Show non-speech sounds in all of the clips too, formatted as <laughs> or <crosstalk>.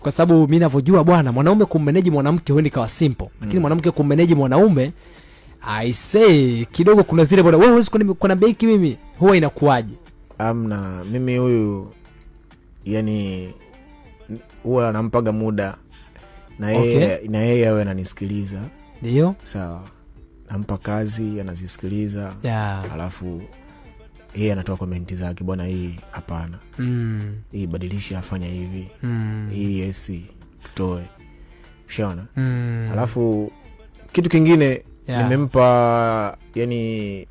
kwa sababu mi navyojua bwana, mwanaume kummeneji mwanamke huenda ikawa simple, lakini mm. mwanamke kummeneji mwanaume aisee, kidogo kuna zile bwana, we huwezi kuna beki mimi, huwa inakuwaje? Amna, mimi huyu yani huwa anampaga muda na yeye okay. na awe ananisikiliza, ndio sawa, nampa kazi anazisikiliza yeah. alafu yeye anatoa komenti zake, bwana, hii hapana, mm. hii badilishi afanya hivi mm. hii yesi, toe shaona mm. Alafu kitu kingine yeah. nimempa yani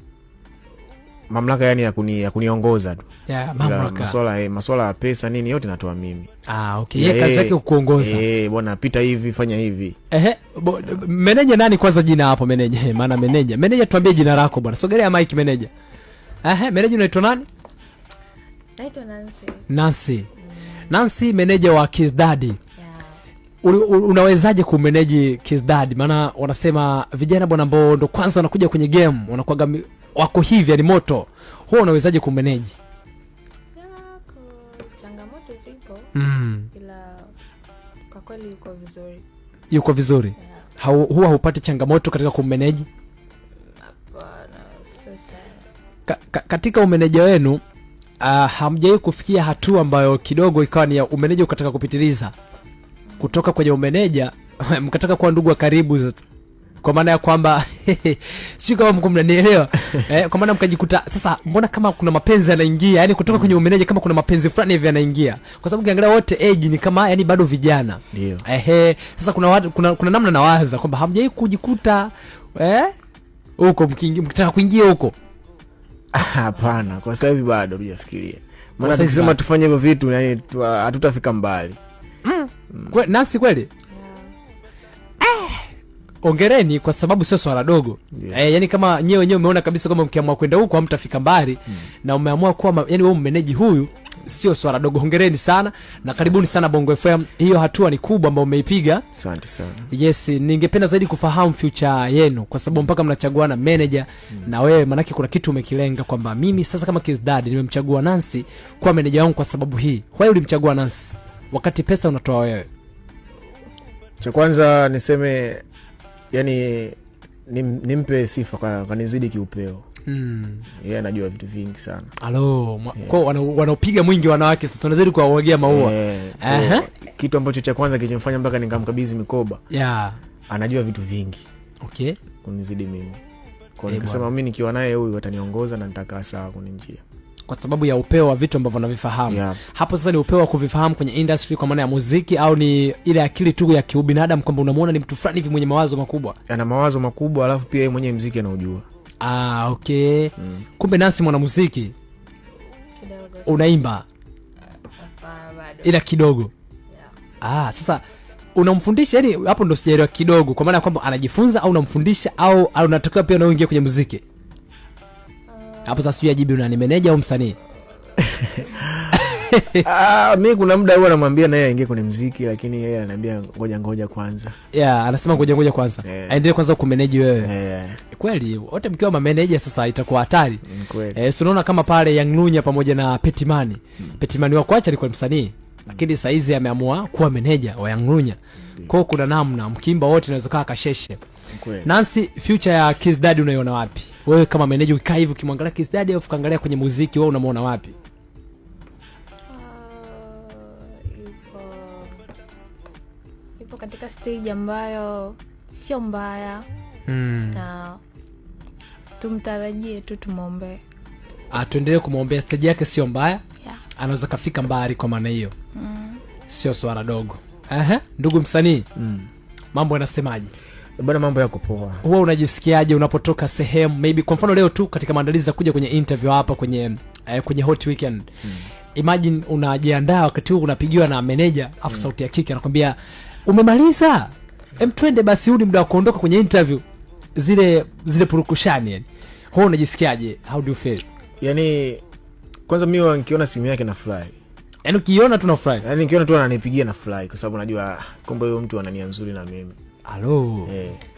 mamlaka yani ya kuni, ya kuniongoza tu yeah, maswala eh, maswala ya pesa nini yote natoa mimi. Ah, okay. yeah, kazi yake kuongoza yeah, bwana pita hivi fanya hivi. Ehe, meneja nani kwanza jina hapo meneja? Maana meneja. Meneja tuambie jina lako bwana. Sogelea mic meneja. Ehe, meneja unaitwa nani? Naitwa Nancy. Nancy. Mm. Nancy meneja wa kisdadi Daddy. Yeah. Unawezaje kumeneji Kiss Daddy? Maana wanasema vijana bwana ambao ndo kwanza wanakuja kwenye game, wanakuwa wako hivi ni moto. Huwa unawezaje kumeneji? Changamoto zipo. Mm. Ila kwa kweli yuko vizuri. Yuko vizuri. Yeah. huwa hupati changamoto katika kumeneji? ka, katika umeneja wenu uh, ah, hamjawahi kufikia hatua ambayo kidogo ikawa ni umeneja ukataka kupitiliza kutoka kwenye umeneja <laughs> mkataka kuwa ndugu wa karibu kwa maana ya kwamba <laughs> sio kama mko mnanielewa <laughs> eh, kwa maana mkajikuta sasa mbona kama kuna mapenzi yanaingia yani kutoka mm. kwenye umeneja kama kuna mapenzi fulani hivi yanaingia kwa sababu kiangalia wote age ni kama yani bado vijana ndio eh, sasa kuna, watu, kuna kuna namna nawaza kwamba hamjai kujikuta eh huko mkitaka kuingia huko Hapana, kwa sahivi bado hatujafikiria, maana tukisema tufanye hivyo vitu yani hatutafika mbali. mm. Kwe, nasi kweli eh, ongereni kwa sababu sio swala dogo yeah. E, yani kama nyewe wenyewe umeona kabisa kwamba mkiamua kwenda huko amtafika mbali mm. na umeamua kuwa yani wewe mmeneji huyu sio swala dogo. Hongereni sana na karibuni sana Bongo FM. Hiyo hatua ni kubwa ambayo umeipiga, asante sana. Yes, ningependa zaidi kufahamu future yenu, kwa sababu mpaka mnachaguana manager mm. na wewe, maanake kuna kitu umekilenga kwamba mimi sasa kama Kiss nimemchagua Nancy kuwa manager wangu kwa sababu hii. Kwa ulimchagua Nancy wakati pesa unatoa wewe? Cha kwanza niseme yani nimpe sifa kanizidi kiupeo mm. yeye anajua vitu vingi sana alo yeah. wanaopiga wana mwingi wanawake sasa unazidi kuwaogea maua yeah. uh-huh. kitu ambacho cha kwanza kilichomfanya mpaka nikamkabidhi mikoba yeah. anajua vitu vingi okay kunizidi mimi kwa hey, eh, nikasema mi nikiwa naye huyu ataniongoza na nitakaa sawa kwenye njia kwa sababu ya upeo wa vitu ambavyo navifahamu yeah. hapo sasa ni upeo wa kuvifahamu kwenye industry kwa maana ya muziki au ni ile akili tu ya kiubinadamu kwamba unamwona ni mtu fulani hivi mwenye mawazo makubwa ana mawazo makubwa alafu pia yeye mwenyewe mziki anaujua Ah, okay. Mm. Kumbe nasi mwanamuziki unaimba uh, ila kidogo yeah. Ah, sasa unamfundisha yani, hapo ndo sijaelewa kidogo, kwa maana kwamba anajifunza au unamfundisha au unatokea pia unaoingia kwenye muziki uh, hapo? Uh, sasa sijui ajibu unanimeneja au msanii <laughs> <laughs> Ah, mi kuna muda huwa anamwambia naye aingie kwenye mziki, lakini yeye ananiambia ngoja ngoja kwanza. Yeah, anasema ngoja ngoja kwanza, yeah. aendelee kwanza kumeneji wewe yeah. Eh, kweli wote mkiwa mameneja sasa itakuwa hatari mm, kweli. Eh, unaona kama pale Young Lunya pamoja na Petimani mm. Petimani wakuacha alikuwa msanii lakini mm. saizi ameamua kuwa meneja wa Young Lunya kwao, kuna namna mkimba wote naweza kaa kasheshe mm, Nancy, future ya Kiss Daddy unaiona wapi wewe kama meneja? Ukikaa hivi ukimwangalia Kiss Daddy au ukaangalia kwenye muziki, wewe unamwona wapi? katika stage ambayo sio mbaya mm. na tumtarajie tu tumwombee ah, tuendelee kumwombea stage yake sio mbaya yeah. anaweza kafika mbali kwa maana hiyo mm. sio swara dogo Aha, ndugu msanii mm. mambo yanasemaje bana mambo yako poa huwa unajisikiaje unapotoka sehemu maybe kwa mfano leo tu katika maandalizi ya kuja kwenye interview hapa kwenye eh, kwenye hot weekend mm. imagine unajiandaa wakati huu unapigiwa na meneja afu mm. sauti ya kike anakwambia umemaliza, em, twende basi, huu ni muda wa kuondoka kwenye interview zile zile purukushani. Yani ho, unajisikiaje? How do you feel? Yani kwanza mimi nikiona simu yake nafurahi, yani ukiona tu nafurahi, yani nikiona tu ananipigia nafurahi, kwa sababu najua ah, kumbe huyo mtu ana nzuri na mimi. Halo, eh.